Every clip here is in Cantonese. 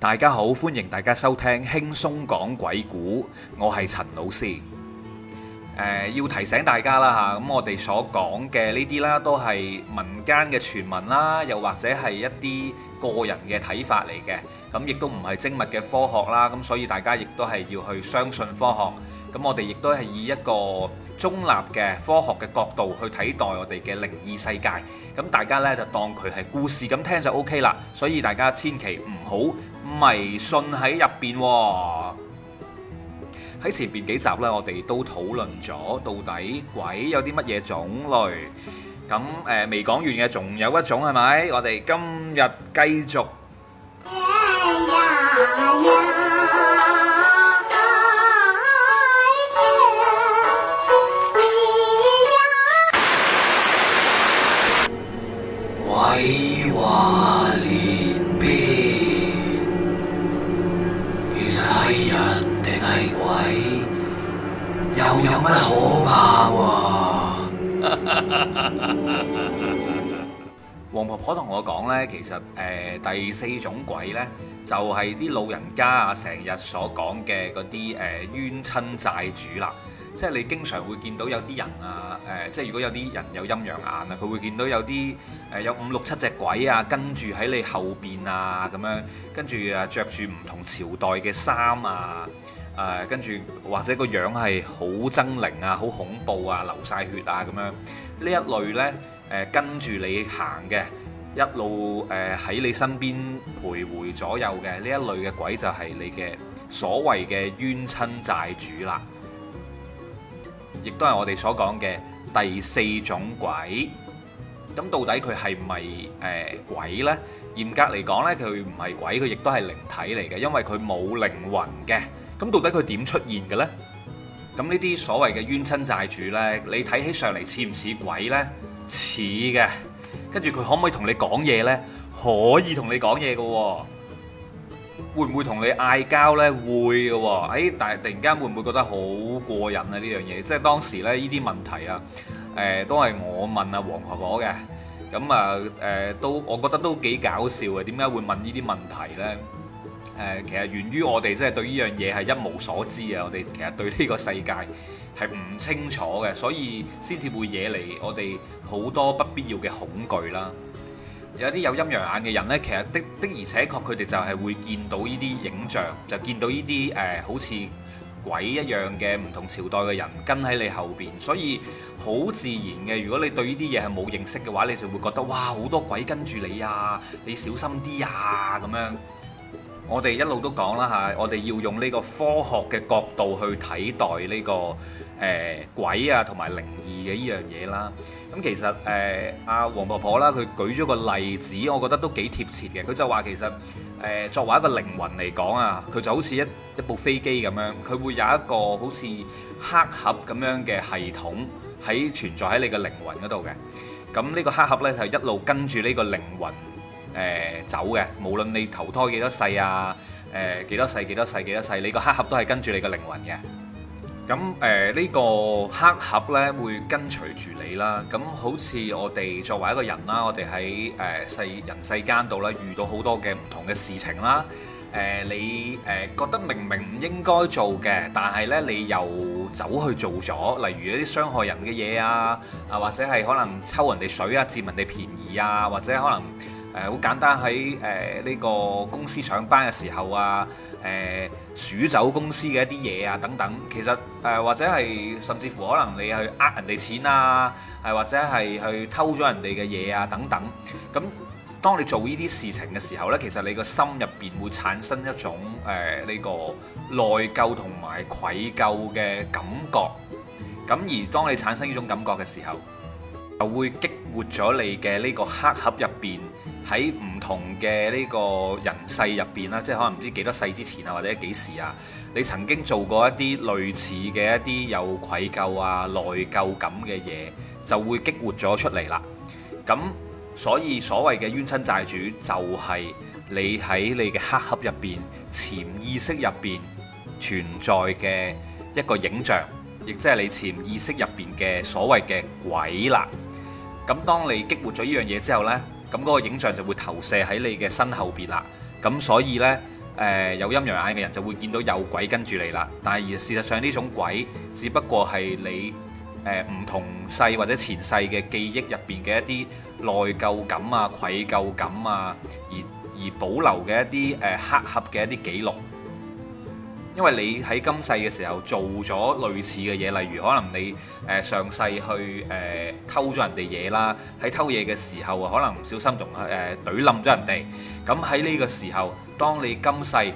大家好，歡迎大家收聽輕鬆講鬼故。我係陳老師。誒、呃、要提醒大家啦吓，咁、啊嗯、我哋所講嘅呢啲啦，都係民間嘅傳聞啦、啊，又或者係一啲個人嘅睇法嚟嘅，咁、啊、亦都唔係精密嘅科學啦，咁、啊嗯、所以大家亦都係要去相信科學，咁、啊嗯、我哋亦都係以一個中立嘅科學嘅角度去睇待我哋嘅靈異世界，咁、啊嗯、大家咧就當佢係故事咁聽就 OK 啦，所以大家千祈唔好迷信喺入邊。啊喺前面幾集呢，我哋都討論咗到底鬼有啲乜嘢種類。咁誒未講完嘅，仲有一種係咪？我哋今日繼續。黃 婆婆同我講呢，其實誒、呃、第四種鬼呢，就係、是、啲老人家啊，成日所講嘅嗰啲誒冤親債主啦。即係你經常會見到有啲人啊，誒、呃、即係如果有啲人有陰陽眼啊，佢會見到有啲誒、呃、有五六七隻鬼啊跟住喺你後邊啊咁樣，跟住啊着住唔同朝代嘅衫啊。誒、呃、跟住或者個樣係好猙獰啊，好恐怖啊，流晒血啊咁樣呢一類呢，誒、呃、跟住你行嘅一路誒喺、呃、你身邊徘徊左右嘅呢一類嘅鬼就係你嘅所謂嘅冤親債主啦，亦都係我哋所講嘅第四種鬼。咁、嗯、到底佢係咪誒鬼呢？嚴格嚟講呢，佢唔係鬼，佢亦都係靈體嚟嘅，因為佢冇靈魂嘅。咁到底佢點出現嘅咧？咁呢啲所謂嘅冤親債主呢，你睇起上嚟似唔似鬼呢？似嘅，跟住佢可唔可以同你講嘢呢？可以同你講嘢嘅喎，會唔會同你嗌交呢？會嘅喎、哦，哎，但係突然間會唔會覺得好過癮啊？呢樣嘢，即係當時咧呢啲問題啊，誒、呃、都係我問阿黃婆婆嘅，咁啊誒都我覺得都幾搞笑嘅，點解會問呢啲問題呢？誒，其實源於我哋即係對呢樣嘢係一無所知嘅。我哋其實對呢個世界係唔清楚嘅，所以先至會惹嚟我哋好多不必要嘅恐懼啦。有啲有陰陽眼嘅人呢，其實的的，的而且確佢哋就係會見到呢啲影像，就見到呢啲誒好似鬼一樣嘅唔同朝代嘅人跟喺你後邊，所以好自然嘅。如果你對呢啲嘢係冇認識嘅話，你就會覺得哇好多鬼跟住你啊！你小心啲啊咁樣。我哋一路都講啦嚇，我哋要用呢個科學嘅角度去睇待呢個誒、呃、鬼啊同埋靈異嘅呢樣嘢啦。咁其實誒阿黃婆婆啦，佢舉咗個例子，我覺得都幾貼切嘅。佢就話其實誒、呃、作為一個靈魂嚟講啊，佢就好似一一部飛機咁樣，佢會有一個好似黑盒咁樣嘅系統喺存在喺你嘅靈魂嗰度嘅。咁呢、這個黑盒呢，就一路跟住呢個靈魂。誒、呃、走嘅，無論你投胎幾多世啊，誒、呃、幾多世幾多世幾多世，你個黑盒都係跟住你個靈魂嘅。咁誒呢個黑盒呢，會跟隨住你啦。咁、嗯、好似我哋作為一個人啦，我哋喺誒世人世間度呢，遇到好多嘅唔同嘅事情啦。誒、呃、你誒、呃、覺得明明唔應該做嘅，但係呢，你又走去做咗，例如一啲傷害人嘅嘢啊，啊或者係可能抽人哋水啊，佔人哋便宜啊，或者可能。誒好簡單喺誒呢個公司上班嘅時候啊，誒、呃、鼠走公司嘅一啲嘢啊等等，其實誒、呃、或者係甚至乎可能你去呃人哋錢啊，係或者係去偷咗人哋嘅嘢啊等等，咁、嗯、當你做呢啲事情嘅時候呢，其實你個心入邊會產生一種誒呢、呃這個內疚同埋愧疚嘅感覺，咁、嗯、而當你產生呢種感覺嘅時候，就會激活咗你嘅呢個黑盒入邊。喺唔同嘅呢個人世入邊啦，即係可能唔知幾多世之前啊，或者幾時啊，你曾經做過一啲類似嘅一啲有愧疚啊、內疚咁嘅嘢，就會激活咗出嚟啦。咁所以所謂嘅冤親債主就係你喺你嘅黑盒入邊潛意識入邊存在嘅一個影像，亦即係你潛意識入邊嘅所謂嘅鬼啦。咁當你激活咗呢樣嘢之後呢。咁嗰個影像就會投射喺你嘅身後邊啦。咁所以呢，誒、呃、有陰陽眼嘅人就會見到有鬼跟住你啦。但係事實上呢種鬼，只不過係你誒唔、呃、同世或者前世嘅記憶入邊嘅一啲內疚感啊、愧疚感啊，而而保留嘅一啲誒、呃、黑盒嘅一啲記錄。因為你喺今世嘅時候做咗類似嘅嘢，例如可能你誒、呃、上世去誒、呃、偷咗人哋嘢啦，喺偷嘢嘅時候啊，可能唔小心仲誒懟冧咗人哋。咁喺呢個時候，當你今世誒、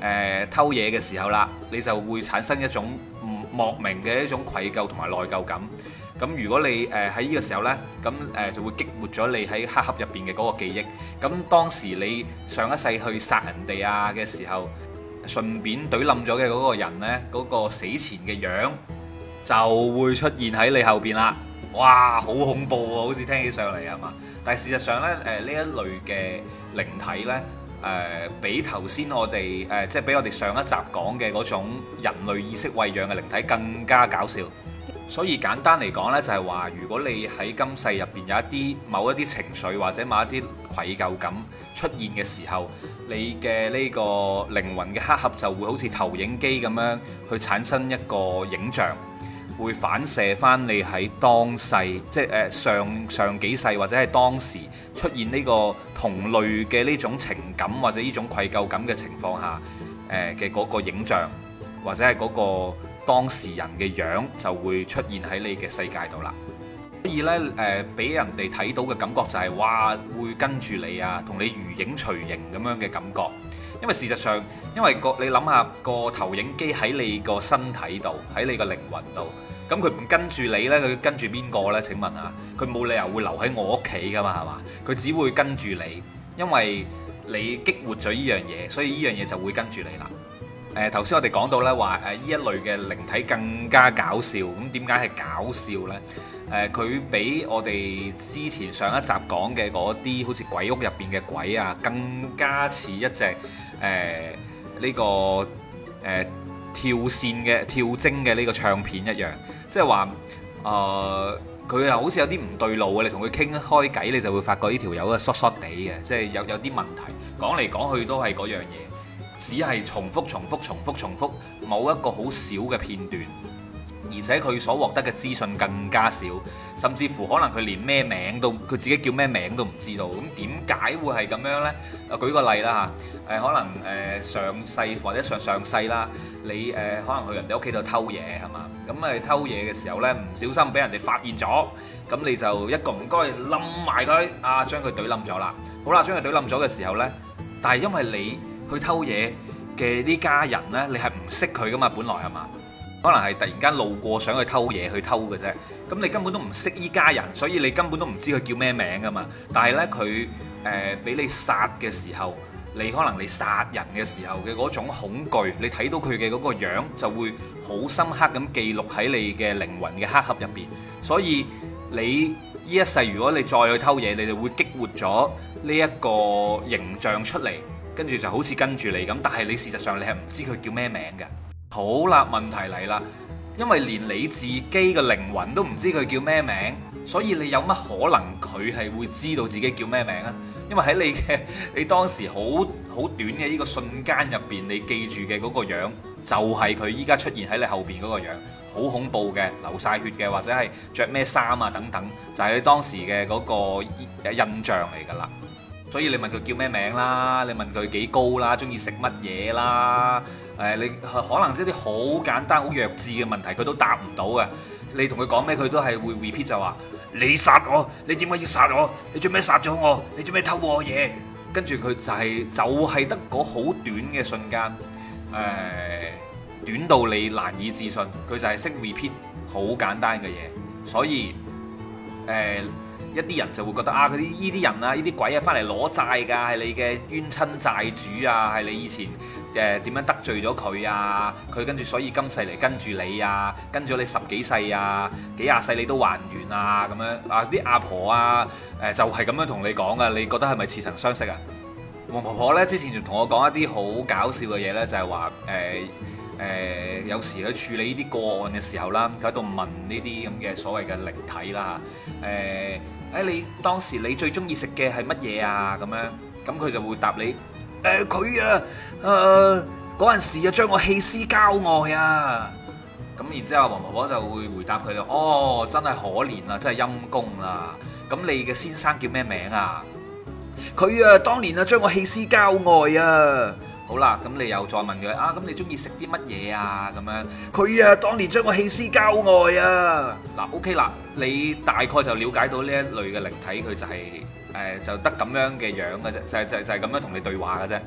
呃、偷嘢嘅時候啦，你就會產生一種莫名嘅一種愧疚同埋內疚感。咁如果你誒喺呢個時候呢，咁誒就會激活咗你喺黑盒入邊嘅嗰個記憶。咁當時你上一世去殺人哋啊嘅時候。順便懟冧咗嘅嗰個人呢，嗰個死前嘅樣就會出現喺你後邊啦！哇，好恐怖喎，好似聽起上嚟係嘛？但係事實上呢，誒呢一類嘅靈體呢，誒比頭先我哋誒即係比我哋上一集講嘅嗰種人類意識餵養嘅靈體更加搞笑。所以簡單嚟講呢就係話，如果你喺今世入邊有一啲某一啲情緒或者某一啲愧疚感出現嘅時候，你嘅呢個靈魂嘅黑盒就會好似投影機咁樣去產生一個影像，會反射翻你喺當世即係上上幾世或者係當時出現呢個同類嘅呢種情感或者呢種愧疚感嘅情況下嘅嗰個影像，或者係嗰個。當事人嘅樣就會出現喺你嘅世界度啦，所以呢，誒、呃，俾人哋睇到嘅感覺就係哇，會跟住你啊，同你如影隨形咁樣嘅感覺。因為事實上，因為個你諗下個投影機喺你個身體度，喺你個靈魂度，咁佢唔跟住你呢，佢跟住邊個呢？請問啊，佢冇理由會留喺我屋企噶嘛，係嘛？佢只會跟住你，因為你激活咗依樣嘢，所以依樣嘢就會跟住你啦。誒，頭先我哋講到呢，話誒呢一類嘅靈體更加搞笑，咁點解係搞笑呢？誒、呃、佢比我哋之前上一集講嘅嗰啲好似鬼屋入邊嘅鬼啊，更加似一隻誒呢、呃呢個誒、呃、跳線嘅跳晶嘅呢個唱片一樣，即係話誒佢又好似有啲唔對路啊。你同佢傾開偈，你就會發覺呢條友啊疏疏地嘅，即係有有啲問題，講嚟講去都係嗰樣嘢。只係重複、重複、重複、重複某一個好少嘅片段，而且佢所獲得嘅資訊更加少，甚至乎可能佢連咩名都佢自己叫咩名都唔知道。咁點解會係咁樣呢？舉個例啦嚇，誒可能誒上世或者上上世啦，你誒可能去人哋屋企度偷嘢係嘛，咁誒偷嘢嘅時候呢唔小心俾人哋發現咗，咁你就一個唔該冧埋佢啊，將佢懟冧咗啦。好啦，將佢懟冧咗嘅時候呢，但係因為你。去偷嘢嘅呢家人呢，你係唔識佢噶嘛？本來係嘛？可能係突然間路過，想去偷嘢去偷嘅啫。咁你根本都唔識依家人，所以你根本都唔知佢叫咩名噶嘛。但係呢，佢誒俾你殺嘅時候，你可能你殺人嘅時候嘅嗰種恐懼，你睇到佢嘅嗰個樣就會好深刻咁記錄喺你嘅靈魂嘅黑盒入邊。所以你呢一世，如果你再去偷嘢，你就會激活咗呢一個形象出嚟。跟住就好似跟住你咁，但係你事實上你係唔知佢叫咩名嘅。好啦，問題嚟啦，因為連你自己嘅靈魂都唔知佢叫咩名，所以你有乜可能佢係會知道自己叫咩名啊？因為喺你嘅你當時好好短嘅呢個瞬間入邊，你記住嘅嗰個樣就係佢依家出現喺你後邊嗰個樣，好恐怖嘅，流晒血嘅，或者係着咩衫啊等等，就係你當時嘅嗰個印象嚟㗎啦。所以你問佢叫咩名啦，你問佢幾高啦，鍾意食乜嘢啦，誒、呃，你可能即啲好簡單、好弱智嘅問題，佢都答唔到嘅。你同佢講咩，佢都係會 repeat 就話：你殺我，你點解要殺我？你做咩殺咗我？你做咩偷我嘢？跟住佢就係、是、就係得嗰好短嘅瞬間，誒、呃，短到你難以置信。佢就係識 repeat 好簡單嘅嘢，所以誒。呃一啲人就會覺得啊，佢啲呢啲人啊，呢啲鬼啊，翻嚟攞債㗎，係你嘅冤親債主啊，係你以前誒點、呃、樣得罪咗佢啊？佢跟住所以今世嚟跟住你啊，跟咗你十幾世啊，幾廿世你都還完啊咁樣啊！啲阿、啊、婆啊，誒、呃、就係、是、咁樣同你講啊。你覺得係咪似曾相識啊？黃婆婆呢，之前仲同我講一啲好搞笑嘅嘢呢，就係話誒誒，有時喺處理呢啲個案嘅時候啦，佢喺度問呢啲咁嘅所謂嘅靈體啦，誒、呃。哎，你當時你最中意食嘅係乜嘢啊？咁樣，咁佢就會答你：誒、呃，佢啊，誒、呃，嗰陣時啊，將我棄屍郊外啊。咁然之後，黃婆婆就會回答佢啦：哦，真係可憐啊，真係陰公啦。咁你嘅先生叫咩名啊？佢啊，當年啊，將我棄屍郊外啊。好啦，咁你又再問佢啊？咁你中意食啲乜嘢啊？咁樣佢啊，當年將我棄屍郊外啊！嗱、啊、OK 啦，你大概就了解到呢一類嘅靈體，佢就係、係、誒、呃，就得咁樣嘅樣嘅啫，就係、就係、就係、係、咁樣同你對話嘅啫。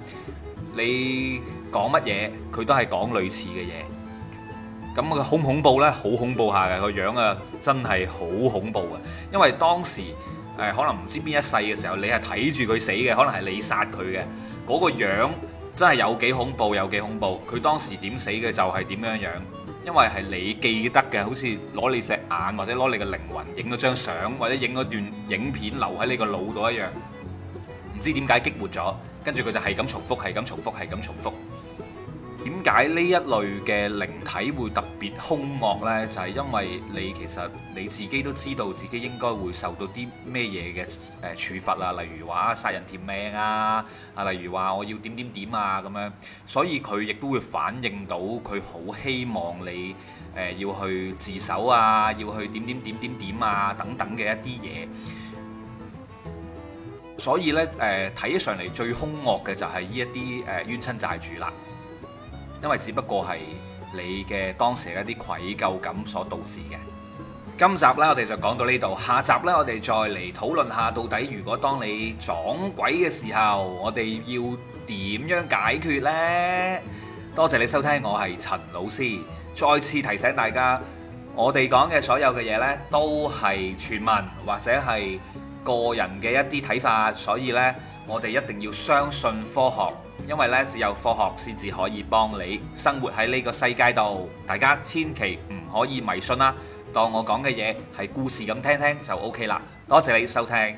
你講乜嘢，佢都係講類似嘅嘢。咁佢好恐怖呢，好恐怖下嘅個樣啊，真係好恐怖啊！因為當時誒、呃、可能唔知邊一世嘅時候，你係睇住佢死嘅，可能係你殺佢嘅嗰個樣。真係有幾恐怖，有幾恐怖。佢當時點死嘅就係點樣樣，因為係你記得嘅，好似攞你隻眼或者攞你嘅靈魂影咗張相，或者影咗段影片留喺你個腦度一樣。唔知點解激活咗，跟住佢就係咁重複，係咁重複，係咁重複。點解呢一類嘅靈體會特別兇惡呢？就係因為你其實你自己都知道自己應該會受到啲咩嘢嘅誒處罰啊，例如話殺人填命啊，啊，例如話我要點點點啊咁樣，所以佢亦都會反映到佢好希望你誒要去自首啊，要去點點點點點啊等等嘅一啲嘢。所以呢，誒、呃，睇起上嚟最兇惡嘅就係呢一啲誒冤親債主啦。因為只不過係你嘅當時嘅一啲愧疚感所導致嘅。今集呢，我哋就講到呢度，下集呢，我哋再嚟討論下到底如果當你撞鬼嘅時候，我哋要點樣解決呢？多謝你收聽，我係陳老師。再次提醒大家，我哋講嘅所有嘅嘢呢，都係傳聞或者係個人嘅一啲睇法，所以呢，我哋一定要相信科學。因為咧，只有科學先至可以幫你生活喺呢個世界度。大家千祈唔可以迷信啦，當我講嘅嘢係故事咁聽聽就 OK 啦。多謝你收聽。